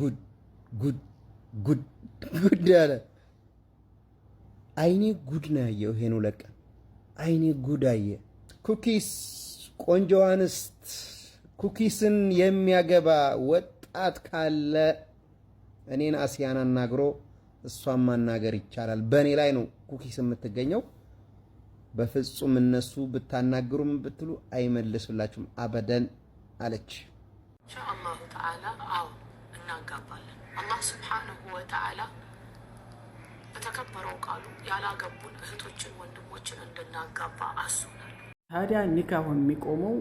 ጉድ ጉድ ጉድ ጉድ አለ። አይኔ ጉድ ነው ያየው። ይሄን ለቀ አይኔ ጉድ አየ። ኩኪስ ቆንጆ አንስት ኩኪስን የሚያገባ ወጣት ካለ እኔን አስያን አናግሮ እሷን ማናገር ይቻላል። በእኔ ላይ ነው ኩኪስ የምትገኘው። በፍጹም እነሱ ብታናግሩም ብትሉ አይመልሱላችሁም አበደን አለች። ኢንሻአላሁ ተዓላ አዎ እናጋባለን። አላህ ስብሓንሁ ወተዓላ በተከበረው ቃሉ ያላገቡን እህቶችን ወንድሞችን እንድናጋባ አሱናል። ታዲያ ኒካሁ የሚቆመው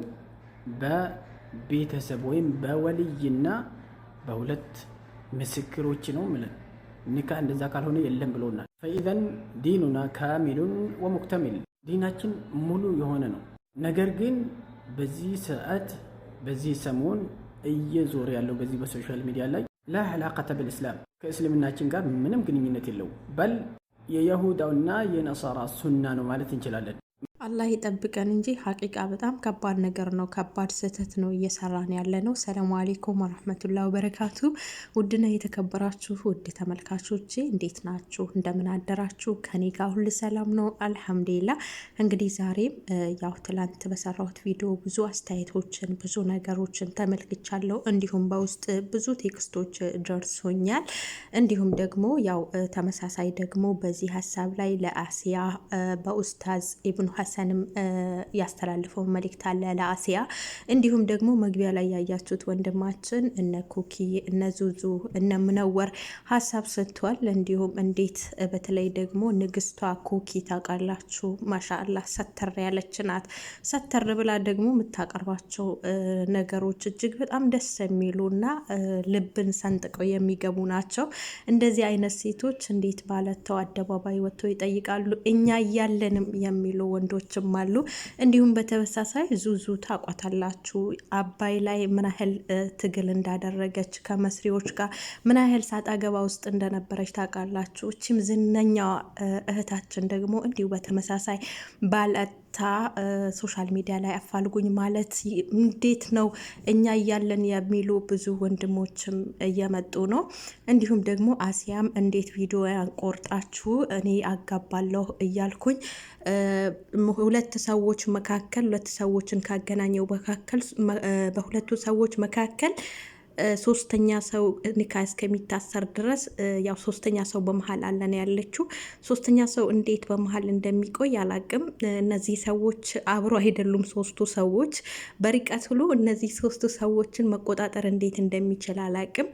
በቤተሰብ ወይም በወልይና በሁለት ምስክሮች ነው ምለን ኒካ እንደዛ ካልሆነ የለም ብሎናል። ፈኢዘን ዲኑና ካሚሉን ወሙክተሚል ዲናችን ሙሉ የሆነ ነው። ነገር ግን በዚህ ሰዓት በዚህ ሰሞን እየዞረ ያለው በዚህ በሶሻል ሚዲያ ላይ ላ ብልእስላም ከእስልምናችን ጋር ምንም ግንኙነት የለው በል የየሁዳውና የነሳራ ሱና ነው ማለት እንችላለን። አላህ ይጠብቀን እንጂ ሀቂቃ በጣም ከባድ ነገር ነው። ከባድ ስህተት ነው እየሰራን ያለ ነው። ሰላሙ አሌይኩም ወረህመቱላ ወበረካቱ። ውድና የተከበራችሁ ውድ ተመልካቾች እንዴት ናችሁ? እንደምን አደራችሁ? ከኔ ጋር ሁሉ ሰላም ነው አልሐምዱሊላ። እንግዲህ ዛሬም ያው ትላንት በሰራሁት ቪዲዮ ብዙ አስተያየቶችን ብዙ ነገሮችን ተመልክቻለሁ። እንዲሁም በውስጥ ብዙ ቴክስቶች ደርሶኛል። እንዲሁም ደግሞ ያው ተመሳሳይ ደግሞ በዚህ ሀሳብ ላይ ለአሲያ በኡስታዝ ኢብኑ ሀሰን ሀሰንም ያስተላልፈው መልእክት አለ ለአሲያ። እንዲሁም ደግሞ መግቢያ ላይ ያያችሁት ወንድማችን እነ ኩኪ እነ ዙዙ እነ ምነወር ሀሳብ ሰጥቷል። እንዲሁም እንዴት በተለይ ደግሞ ንግስቷ ኩኪ ታውቃላችሁ፣ ማሻላ ሰተር ያለች ናት። ሰተር ብላ ደግሞ የምታቀርባቸው ነገሮች እጅግ በጣም ደስ የሚሉና ልብን ሰንጥቀው የሚገቡ ናቸው። እንደዚህ አይነት ሴቶች እንዴት ባለተው አደባባይ ወጥተው ይጠይቃሉ እኛ እያለንም የሚሉ ወንዶች ልጆችም አሉ። እንዲሁም በተመሳሳይ ዙዙ ታቋታላችሁ። አባይ ላይ ምን ያህል ትግል እንዳደረገች ከመስሪዎች ጋር ምን ያህል ሳጣገባ ውስጥ እንደነበረች ታውቃላችሁ። እቺም ዝነኛዋ እህታችን ደግሞ እንዲሁ በተመሳሳይ ባለ መታ ሶሻል ሚዲያ ላይ አፋልጉኝ ማለት እንዴት ነው? እኛ እያለን የሚሉ ብዙ ወንድሞችም እየመጡ ነው። እንዲሁም ደግሞ አሲያም እንዴት ቪዲዮ ያንቆርጣችሁ እኔ አጋባለሁ እያልኩኝ ሁለት ሰዎች መካከል ሁለት ሰዎችን ካገናኘው መካከል በሁለቱ ሰዎች መካከል ሶስተኛ ሰው ኒካ እስከሚታሰር ድረስ ያው ሶስተኛ ሰው በመሀል አለን ያለችው። ሶስተኛ ሰው እንዴት በመሀል እንደሚቆይ አላቅም። እነዚህ ሰዎች አብሮ አይደሉም። ሶስቱ ሰዎች በርቀት ሁሉ እነዚህ ሶስቱ ሰዎችን መቆጣጠር እንዴት እንደሚችል አላቅም።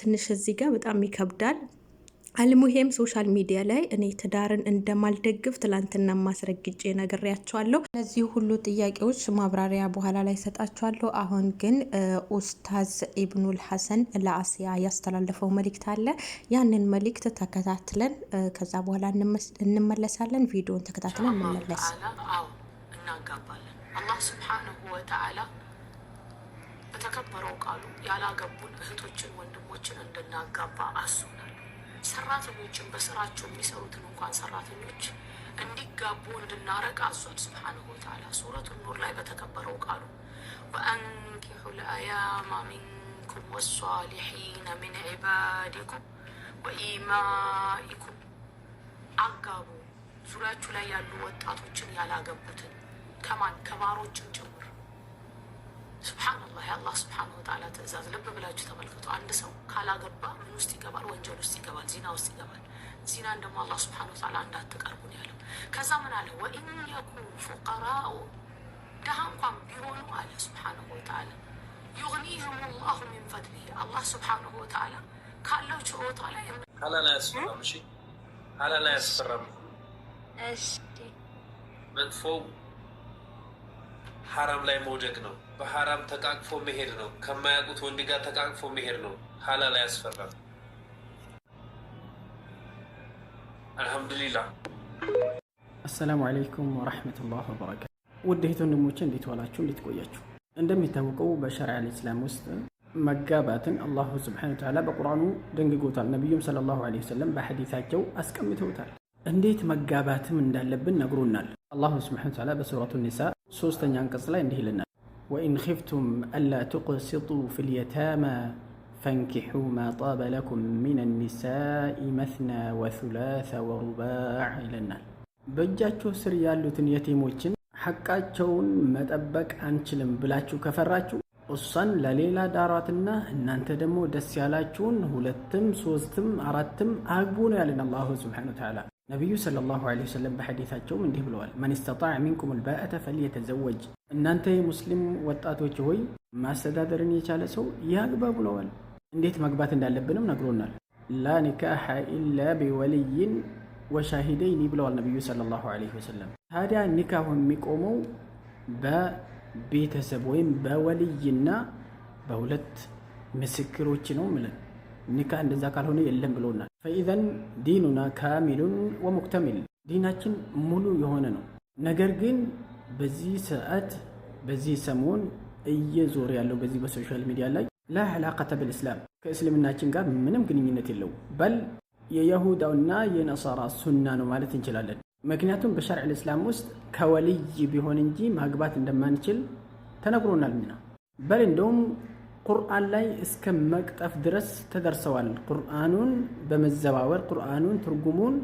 ትንሽ እዚህ ጋር በጣም ይከብዳል። አልሙሄም ሶሻል ሚዲያ ላይ እኔ ትዳርን እንደማልደግፍ ትላንትና ማስረግጬ ነግሬያቸዋለሁ። እነዚህ ሁሉ ጥያቄዎች ማብራሪያ በኋላ ላይ ሰጣቸዋለሁ። አሁን ግን ኡስታዝ ኢብኑል ሐሰን ለአስያ ያስተላለፈው መልእክት አለ። ያንን መልእክት ተከታትለን ከዛ በኋላ እንመለሳለን። ቪዲዮን ተከታትለን እንመለስ። እናጋባለን። አላህ ወተዓላ በተከበረው ቃሉ ያላገቡን እህቶችን ወንድሞችን እንድናጋባ አሱናል ሰራተኞችን በስራቸው የሚሰሩትን እንኳን ሰራተኞች እንዲጋቡ እንድናረቅ አዟል። ስብሓንሁ ወተዓላ ሱረቱ ኑር ላይ በተከበረው ቃሉ ወአንኪሑ ለአያማ ሚንኩም ወሷሊሒነ ሚን ዒባዲኩም ወኢማኢኩም አጋቡ ዙሪያችሁ ላይ ያሉ ወጣቶችን ያላገቡትን ከማን ከባሮችን ጭ ሱብሓነላህ የአላህ ሱብሓነሁ ወተዓላ ትእዛዝ ልብ ብላችሁ ተመልከቱ። አንድ ሰው ካላገባ ምን ውስጥ ይገባል? ወንጀል ውስጥ ይገባል፣ ዚና ውስጥ ይገባል። ዚናን ደግሞ አላህ ሱብሓነሁ ወተዓላ እንዳትቀርቡ ነው ያለው። ከዛ ምን አለ? ወኢን የኩኑ ፉቀራኡ ድሃ እንኳን ቢሆኑ አለ ሱብሓነሁ ወተዓላ ዩግኒህም ላሁ ሚን ፈድሊህ አላህ ሱብሓነሁ ወተዓላ ካለው ችሮታ ላይ ሀላል አያስፈራም። መጥፎው ሀረም ላይ መውደቅ ነው። በሐራም ተቃቅፎ መሄድ ነው። ከማያውቁት ወንድ ጋር ተቃቅፎ መሄድ ነው። ሀላል አያስፈራም። አልሐምዱሊላህ። አሰላሙ አለይኩም ወራህመቱላህ ወበረካቱ። ውድ እህት ወንድሞቼ እንዴት ዋላችሁ? እንዴት ቆያችሁ? እንደሚታወቀው በሸሪዓ ልእስላም ውስጥ መጋባትን አላሁ ስብሐነ ወተዓላ በቁርአኑ ደንግጎታል። ነቢዩም ሰለላሁ ዐለይሂ ወሰለም በሐዲታቸው አስቀምተውታል። እንዴት መጋባትም እንዳለብን ነግሮናል። አላሁ ስብሐነ ወተዓላ በሱረቱ ኒሳ ሶስተኛ አንቀጽ ላይ እንዲህ ይልናል وإن خفتم ألا تقسطوا في اليتامى فانكحوا ما طاب لكم من النساء مثنى وثلاث ورباع إلى النار بجاتشو سريالو تن حقاچون متبق انچلم بلاچو كفراچو اصلا لليلا داراتنا ان دمو دس يالاچون سوستم اراتم اغبون يالنا الله سبحانه وتعالى نبي صلى الله عليه وسلم بحديثاچو من دي من استطاع منكم الباءه فليتزوج እናንተ የሙስሊም ወጣቶች ሆይ ማስተዳደርን የቻለ ሰው ይህ ብለዋል እንዴት መግባት እንዳለብንም ነግሮናል። ላ ኒካሐ ኢላ ቢወልይን ወሻሂደይኒ ብለዋል ነቢዩ ሰለላሁ ዐለይሂ ወሰለም። ታዲያ ኒካሁ የሚቆመው በቤተሰብ ወይም በወልይና በሁለት ምስክሮች ነው ምለን ኒካ እንደዛ ካልሆነ የለም ብሎናል። ፈኢዘን ዲኑና ካሚሉን ወሙክተሚል ዲናችን ሙሉ የሆነ ነው ነገር ግን በዚህ ሰዓት በዚህ ሰሞን እየዞረ ያለው በዚህ በሶሻል ሚዲያ ላይ ላ ብልእስላም ከእስልምናችን ጋር ምንም ግንኙነት የለው በል የየሁዳውና የነሳራ ሱና ነው ማለት እንችላለን። ምክንያቱም በሸርዕ ልእስላም ውስጥ ከወልይ ቢሆን እንጂ ማግባት እንደማንችል ተነግሮናል። ሚና በል እንደውም ቁርአን ላይ እስከ መቅጠፍ ድረስ ተደርሰዋል። ቁርአኑን በመዘባወር ቁርአኑን ትርጉሙን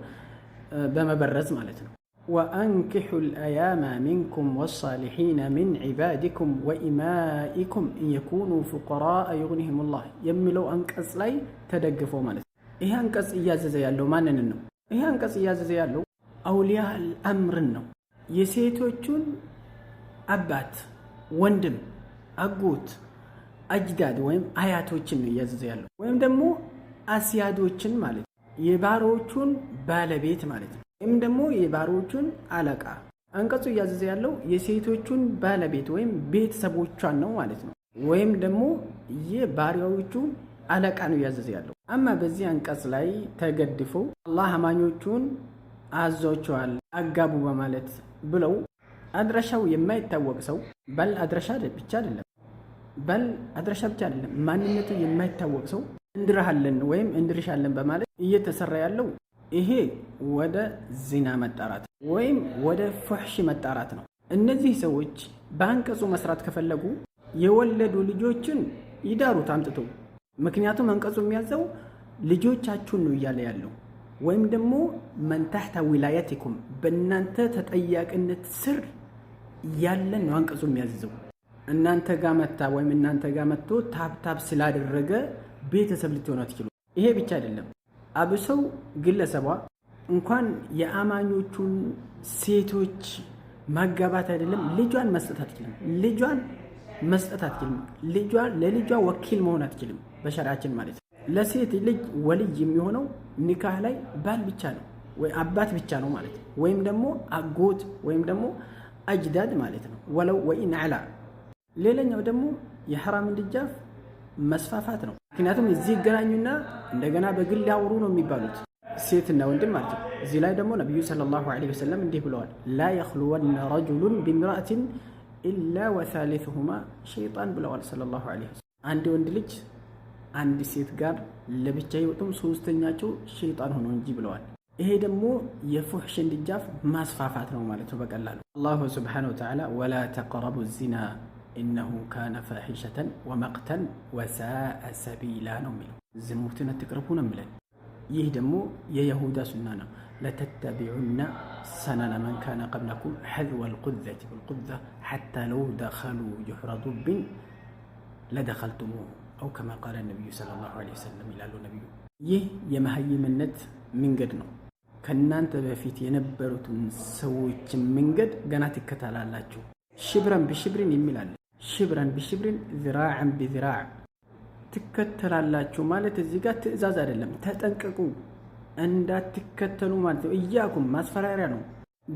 በመበረዝ ማለት ነው። وأنكحوا الأيام منكم والصالحين من عبادكم وإمائكم إن يكونوا فقراء يغنهم الله يملو أنكس لي تدقفوا مالت إيه أنكس إيازة زي اللو ما ننو إيه أنكس إيازة زي اللو أولياء الأمر نو የሴቶቹን አባት ወንድም አጎት አጅዳድ ወይም አያቶችን ነው እያዘዘ ያለው ወይም ደግሞ አስያዶችን ማለት ነው። የባሮቹን ባለቤት ማለት ነው። ወይም ደግሞ የባሮቹን አለቃ። አንቀጹ እያዘዘ ያለው የሴቶቹን ባለቤት ወይም ቤተሰቦቿን ነው ማለት ነው። ወይም ደግሞ የባሪያዎቹ አለቃ ነው እያዘዘ ያለው። አማ በዚህ አንቀጽ ላይ ተገድፎ አላህ አማኞቹን አዟቸዋል አጋቡ በማለት ብለው አድራሻው የማይታወቅ ሰው በል አድራሻ ብቻ አይደለም በል አድራሻ ብቻ አይደለም ማንነቱ የማይታወቅ ሰው እንድርሃለን ወይም እንድርሻለን በማለት እየተሰራ ያለው ይሄ ወደ ዚና መጣራት ወይም ወደ ፉሕሽ መጣራት ነው። እነዚህ ሰዎች በአንቀጹ መስራት ከፈለጉ የወለዱ ልጆችን ይዳሩት አምጥቶ። ምክንያቱም አንቀጹ የሚያዘው ልጆቻችሁን ነው እያለ ያለው ወይም ደግሞ መንታህታ ዊላያቲኩም በእናንተ ተጠያቂነት ስር ያለን ነው አንቀጹ የሚያዘው። እናንተ ጋ መታ ወይም እናንተ ጋ መጥቶ ታብታብ ስላደረገ ቤተሰብ ልትሆኑ አትችሉ። ይሄ ብቻ አይደለም። አብሰው ግለሰቧ እንኳን የአማኞቹን ሴቶች ማጋባት አይደለም ልጇን መስጠት አትችልም። ልጇን መስጠት አትችልም። ልጇን ለልጇ ወኪል መሆን አትችልም፣ በሸሪያችን ማለት ነው። ለሴት ልጅ ወልይ የሚሆነው ኒካህ ላይ ባል ብቻ ነው ወይ አባት ብቻ ነው ማለት ነው። ወይም ደግሞ አጎት ወይም ደግሞ አጅዳድ ማለት ነው። ወለው ወይ አላ ሌላኛው ደግሞ የሐራምን ድጃፍ መስፋፋት ነው። ምክንያቱም እዚህ ይገናኙና እንደገና በግል ያውሩ ነው የሚባሉት ሴትና ወንድም ማለት ነው። እዚህ ላይ ደግሞ ነቢዩ ሰለላሁ ዐለይሂ ወሰለም እንዲህ ብለዋል፣ ላ የኽልወነ ረጁሉን ቢምራእትን ኢላ ወሳሊሱሁማ ሸይጣን ብለዋል ሰለላሁ ዐለይሂ ወሰለም። አንድ ወንድ ልጅ አንድ ሴት ጋር ለብቻ ይወጡም ሶስተኛቸው ሸይጣን ሆኖ እንጂ ብለዋል። ይሄ ደግሞ የፉሕሽ ድጃፍ ማስፋፋት ነው ማለት ነው በቀላሉ አላሁ ስብሓነሁ ወተዓላ ወላ ተቀረቡ ዚና إنه كان فاحشة ومقتا وساء سبيلا نملا زموتنا تقربون አትቅረቡ ነው يا يهودا سنانا لتتبعن سنن من كان قبلكم حذو القذة بالقذة حتى لو دخلوا جحر ضب لدخلتموه أو كما قال النبي صلى الله عليه وسلم إلى النبي يه يمهي من قدنا መንገድ ነው ከእናንተ በፊት የነበሩትን ሰዎችን መንገድ ገና ትከተላላችሁ شبرا ብሽብርን የሚላለ ሽብረን ቢሽብሪን ዝራዕን ቢዝራዕ ትከተላላችሁ ማለት እዚህ ጋር ትዕዛዝ አይደለም፣ ተጠንቀቁ እንዳትከተሉ ማለት ነው። እያኩም ማስፈራሪያ ነው።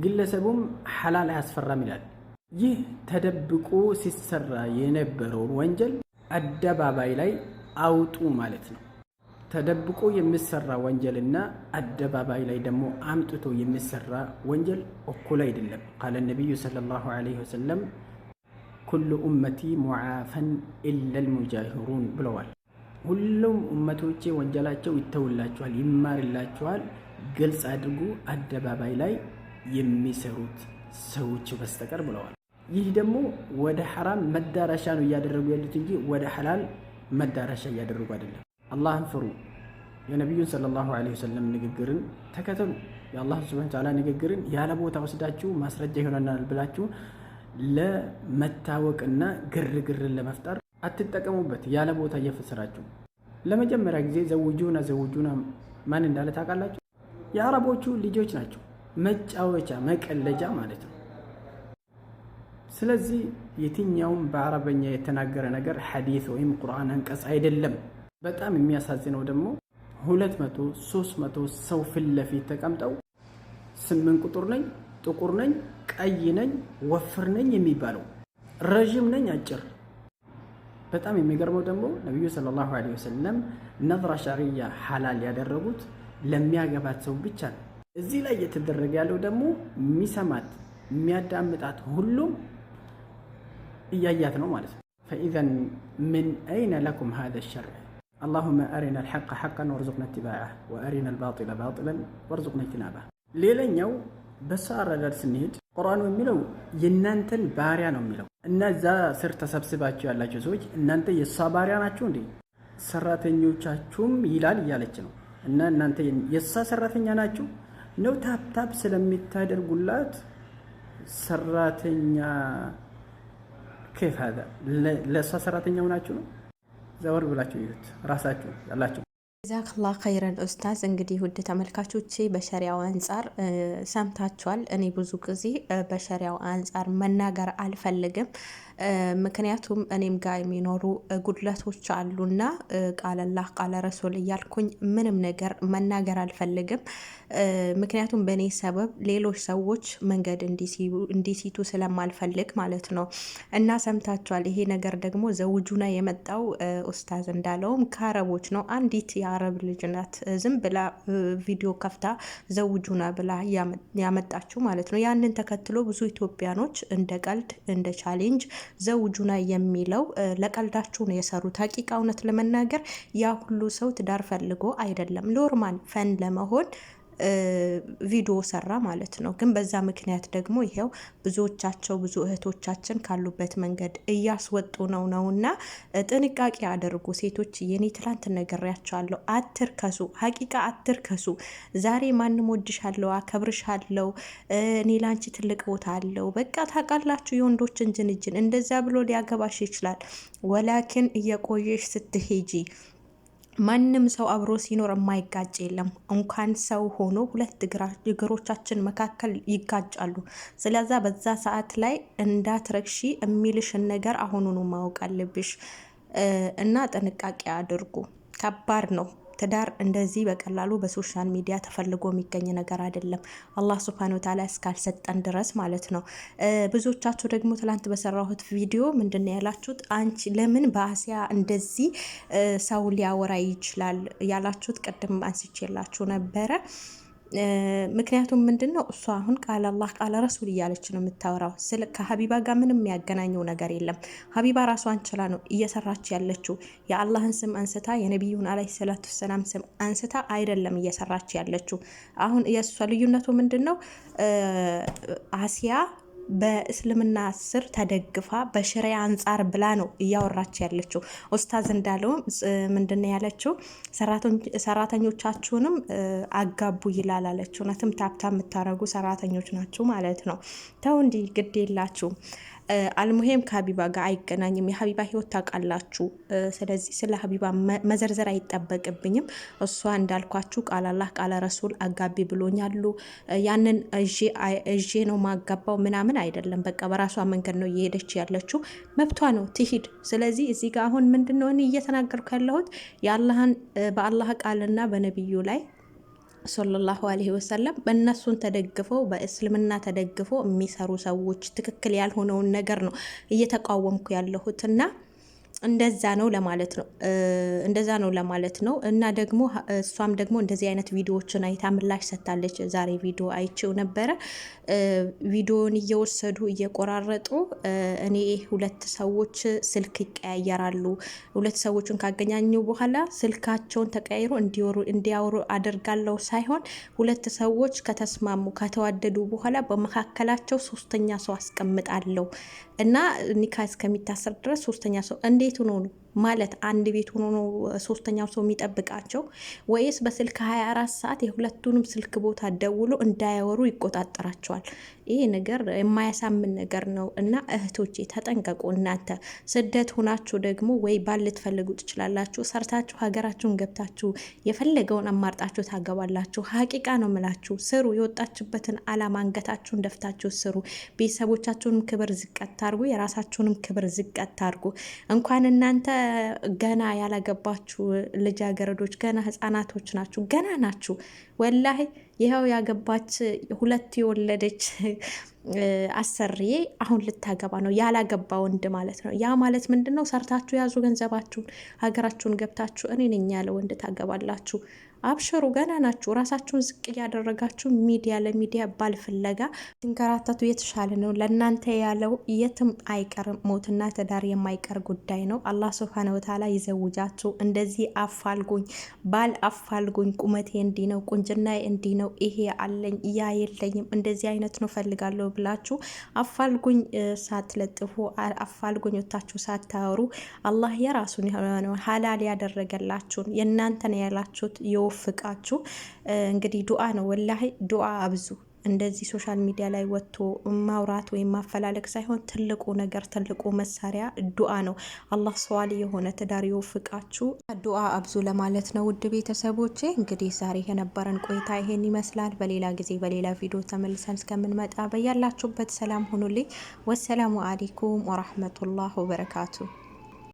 ግለሰቡም ሐላል አያስፈራም ይላል። ይህ ተደብቆ ሲሰራ የነበረውን ወንጀል አደባባይ ላይ አውጡ ማለት ነው። ተደብቆ የሚሰራ ወንጀል እና አደባባይ ላይ ደግሞ አምጥቶ የሚሰራ ወንጀል እኩል አይደለም። ቃለ ነቢዩ ሰለላሁ ዐለይሂ ወሰለም ኩሉ ኡመቲ ሙዓፈን ኢለል ሙጃሂሩን ብለዋል። ሁሉም ኡመቶቼ ወንጀላቸው ይተውላችኋል፣ ይማርላችኋል፣ ግልጽ አድርጉ አደባባይ ላይ የሚሰሩት ሰዎች በስተቀር ብለዋል። ይህ ደግሞ ወደ ሐራም መዳረሻ ነው እያደረጉ ያሉት እንጂ ወደ ሐላል መዳረሻ እያደረጉ አይደለም። አላህን ፍሩ፣ የነቢዩን ሰለላሁ ዐለይሂ ወሰለም ንግግርን ተከተሉ። የአላህ ስብሐነ ወተዓላ ንግግርን ያለ ቦታ ወስዳችሁ ማስረጃ ይሆነናል ብላችሁ ለመታወቅና ግርግርን ለመፍጠር አትጠቀሙበት። ያለ ቦታ እየፈሰራችሁ ለመጀመሪያ ጊዜ ዘውጁና ዘውጁና ማን እንዳለ ታውቃላችሁ? የአረቦቹ ልጆች ናቸው። መጫወቻ መቀለጃ ማለት ነው። ስለዚህ የትኛውም በአረበኛ የተናገረ ነገር ሐዲስ ወይም ቁርአን አንቀጽ አይደለም። በጣም የሚያሳዝነው ደግሞ ሁለት መቶ ሶስት መቶ ሰው ፊት ለፊት ተቀምጠው ስምንት ቁጥር ነኝ ጥቁር ነኝ፣ ቀይ ነኝ፣ ወፍር ነኝ የሚባለው ረዥም ነኝ፣ አጭር። በጣም የሚገርመው ደግሞ ነቢዩ ሰለላሁ ዐለይሂ ወሰለም ነዝራ ሸርያ ሐላል ያደረጉት ለሚያገባት ሰው ብቻ ነው። እዚህ ላይ እየተደረገ ያለው ደግሞ የሚሰማት የሚያዳምጣት ሁሉም እያያት ነው ማለት ነው። ፈኢዘን ምን አይነ ለኩም ሀዘ ሸር አላሁመ አሪና ልሐቀ ሐቀን ወርዙቅና ትባዓ ወአሪና ልባጢለ ባጢለን ወርዙቅና ትናባ ሌላኛው በሳ አረዳድ ስንሄድ ቁርአኑ የሚለው የእናንተን ባሪያ ነው የሚለው እና እዛ ስር ተሰብስባችሁ ያላቸው ሰዎች እናንተ የእሷ ባሪያ ናቸው እንዴ ሰራተኞቻችሁም ይላል እያለች ነው። እና እናንተ የእሷ ሰራተኛ ናችሁ ነው ታፕታፕ ስለሚታደርጉላት ሰራተኛ ከፋዛ ለእሷ ሰራተኛው ናችሁ ነው። ዘወር ብላችሁ ይዩት ራሳችሁ ያላችሁ ጀዛክላ ኸይረን ኡስታዝ። እንግዲህ ውድ ተመልካቾቼ በሸሪያው አንጻር ሰምታችኋል። እኔ ብዙ ጊዜ በሸሪያው አንጻር መናገር አልፈልግም ምክንያቱም እኔም ጋር የሚኖሩ ጉድለቶች አሉና ቃለላህ ቃለ ረሱል እያልኩኝ ምንም ነገር መናገር አልፈልግም። ምክንያቱም በእኔ ሰበብ ሌሎች ሰዎች መንገድ እንዲሲቱ ስለማልፈልግ ማለት ነው። እና ሰምታችኋል። ይሄ ነገር ደግሞ ዘውጁና የመጣው ኡስታዝ እንዳለውም ከአረቦች ነው። አንዲት የአረብ ልጅ ናት ዝም ብላ ቪዲዮ ከፍታ ዘውጁና ብላ ያመጣችው ማለት ነው። ያንን ተከትሎ ብዙ ኢትዮጵያኖች እንደ ቀልድ እንደ ቻሌንጅ ዘውጁና የሚለው ለቀልዳችሁ ነው የሰሩት። ሀቂቃ እውነት ለመናገር ያ ሁሉ ሰው ትዳር ፈልጎ አይደለም ኖርማል ፈን ለመሆን ቪዲዮ ሰራ ማለት ነው። ግን በዛ ምክንያት ደግሞ ይሄው ብዙዎቻቸው ብዙ እህቶቻችን ካሉበት መንገድ እያስወጡ ነው እና ጥንቃቄ አድርጉ ሴቶች። የኔ ትላንት ነግሬያቸዋለሁ። አትርከሱ፣ ሀቂቃ አትርከሱ። ዛሬ ማንም ወድሻለሁ፣ አከብርሻለሁ፣ እኔ ላንቺ ትልቅ ቦታ አለው፣ በቃ ታውቃላችሁ፣ የወንዶችን ጅንጅን እንደዛ ብሎ ሊያገባሽ ይችላል። ወላኪን እየቆየሽ ስትሄጂ ማንም ሰው አብሮ ሲኖር የማይጋጭ የለም። እንኳን ሰው ሆኖ ሁለት እግሮቻችን መካከል ይጋጫሉ። ስለዛ በዛ ሰዓት ላይ እንዳትረግሺ የሚልሽን ነገር አሁኑኑ ማወቅ አለብሽ እና ጥንቃቄ አድርጉ። ከባድ ነው። ትዳር እንደዚህ በቀላሉ በሶሻል ሚዲያ ተፈልጎ የሚገኝ ነገር አይደለም። አላህ ስብሃነ ወተዓላ እስካልሰጠን ድረስ ማለት ነው። ብዙዎቻችሁ ደግሞ ትላንት በሰራሁት ቪዲዮ ምንድን ነው ያላችሁት? አንቺ ለምን በአሲያ እንደዚህ ሰው ሊያወራ ይችላል ያላችሁት ቅድም አንስቼላችሁ ነበረ። ምክንያቱም ምንድን ነው እሷ አሁን ቃለ አላህ ቃለ ረሱል እያለች ነው የምታወራው። ከሀቢባ ጋር ምንም የሚያገናኘው ነገር የለም። ሀቢባ ራሷን ችላ ነው እየሰራች ያለችው። የአላህን ስም አንስታ የነቢዩን አለይሂ ሰላቱ ሰላም ስም አንስታ አይደለም እየሰራች ያለችው። አሁን የእሷ ልዩነቱ ምንድን ነው አሲያ በእስልምና ስር ተደግፋ በሽሪያ አንጻር ብላ ነው እያወራች ያለችው። ኡስታዝ እንዳለውም ምንድን ያለችው ሰራተኞቻችሁንም አጋቡ ይላል አለችው። ነትም ታብታ የምታደርጉ ሰራተኞች ናችሁ ማለት ነው። ተው እንዲህ ግድ የላችሁም። አልሙሄም ከሀቢባ ጋር አይገናኝም። የሀቢባ ህይወት ታውቃላችሁ። ስለዚህ ስለ ሀቢባ መዘርዘር አይጠበቅብኝም። እሷ እንዳልኳችሁ ቃል አላህ ቃለ ረሱል አጋቢ ብሎኛሉ። ያንን እዤ ነው ማጋባው ምናምን አይደለም። በቃ በራሷ መንገድ ነው እየሄደች ያለችው፣ መብቷ ነው ትሂድ። ስለዚህ እዚህ ጋር አሁን ምንድን ነው እኔ እየተናገርኩ ያለሁት የአላህን በአላህ ቃልና በነቢዩ ላይ ሰለላሁ አለይሂ ወሰለም በእነሱን ተደግፈው በእስልምና ተደግፈው የሚሰሩ ሰዎች ትክክል ያልሆነውን ነገር ነው እየተቃወምኩ ያለሁት እና እንደዛ ነው ለማለት ነው እንደዛ ነው ለማለት ነው። እና ደግሞ እሷም ደግሞ እንደዚህ አይነት ቪዲዮዎችን አይታ ምላሽ ሰጥታለች። ዛሬ ቪዲዮ አይቼው ነበረ። ቪዲዮን እየወሰዱ እየቆራረጡ እኔ ሁለት ሰዎች ስልክ ይቀያየራሉ። ሁለት ሰዎችን ካገኛኙ በኋላ ስልካቸውን ተቀያይሮ እንዲያወሩ አደርጋለሁ ሳይሆን ሁለት ሰዎች ከተስማሙ ከተዋደዱ በኋላ በመካከላቸው ሶስተኛ ሰው አስቀምጣለሁ እና ኒካ እስከሚታሰር ድረስ ሶስተኛ ሰው እንዴት እንዴት ሆኖ ነው ማለት አንድ ቤት ሆኖ ነው ሶስተኛው ሰው የሚጠብቃቸው ወይስ በስልክ 24 ሰዓት የሁለቱንም ስልክ ቦታ ደውሎ እንዳያወሩ ይቆጣጠራቸዋል? ይህ ነገር የማያሳምን ነገር ነው እና እህቶቼ ተጠንቀቁ። እናንተ ስደት ሆናችሁ ደግሞ ወይ ባል ልትፈልጉ ትችላላችሁ። ሰርታችሁ ሀገራችሁን ገብታችሁ የፈለገውን አማርጣችሁ ታገባላችሁ። ሀቂቃ ነው ምላችሁ ስሩ። የወጣችበትን አላማ አንገታችሁን ደፍታችሁ ስሩ። ቤተሰቦቻችሁንም ክብር ዝቀት አታርጉ፣ የራሳችሁንም ክብር ዝቀት አታርጉ። እንኳን እናንተ ገና ያላገባችሁ ልጃገረዶች ገና ህጻናቶች ናችሁ፣ ገና ናችሁ። ወላሂ ይኸው ያገባች ሁለት የወለደች አሰርዬ አሁን ልታገባ ነው ያላገባ ወንድ ማለት ነው። ያ ማለት ምንድን ነው? ሰርታችሁ ያዙ ገንዘባችሁን፣ ሀገራችሁን ገብታችሁ እኔ ነኝ ያለ ወንድ ታገባላችሁ። አብሽሩ፣ ገና ናችሁ። ራሳችሁን ዝቅ እያደረጋችሁ ሚዲያ ለሚዲያ ባል ፍለጋ ትንከራተቱ የተሻለ ነው። ለእናንተ ያለው የትም አይቀርም። ሞትና ትዳር የማይቀር ጉዳይ ነው። አላህ ስብሐነ ወተዓላ ይዘውጃችሁ። እንደዚህ አፋልጉኝ፣ ባል አፋልጉኝ፣ ቁመቴ እንዲህ ነው፣ ቁንጅናዬ እንዲህ ነው፣ ይሄ አለኝ፣ ያ የለኝም፣ እንደዚህ አይነት ነው ፈልጋለሁ ብላችሁ አፋልጉኝ ሳትለጥፉ አፋልጉኝ ወታችሁ ሳታወሩ አላህ የራሱን ሀላል ያደረገላችሁን የእናንተን ያላችሁት የወፍቃችሁ። እንግዲህ ዱአ ነው ወላሂ ዱአ አብዙ። እንደዚህ ሶሻል ሚዲያ ላይ ወጥቶ ማውራት ወይም ማፈላለግ ሳይሆን ትልቁ ነገር ትልቁ መሳሪያ ዱዓ ነው። አላህ ሰዋል የሆነ ትዳር ይወፍቃችሁ፣ ዱአ አብዙ ለማለት ነው። ውድ ቤተሰቦቼ እንግዲህ ዛሬ የነበረን ቆይታ ይሄን ይመስላል። በሌላ ጊዜ በሌላ ቪዲዮ ተመልሰን እስከምንመጣ በያላችሁበት ሰላም ሁኑልኝ። ወሰላሙ አሌይኩም ወራህመቱላህ ወበረካቱ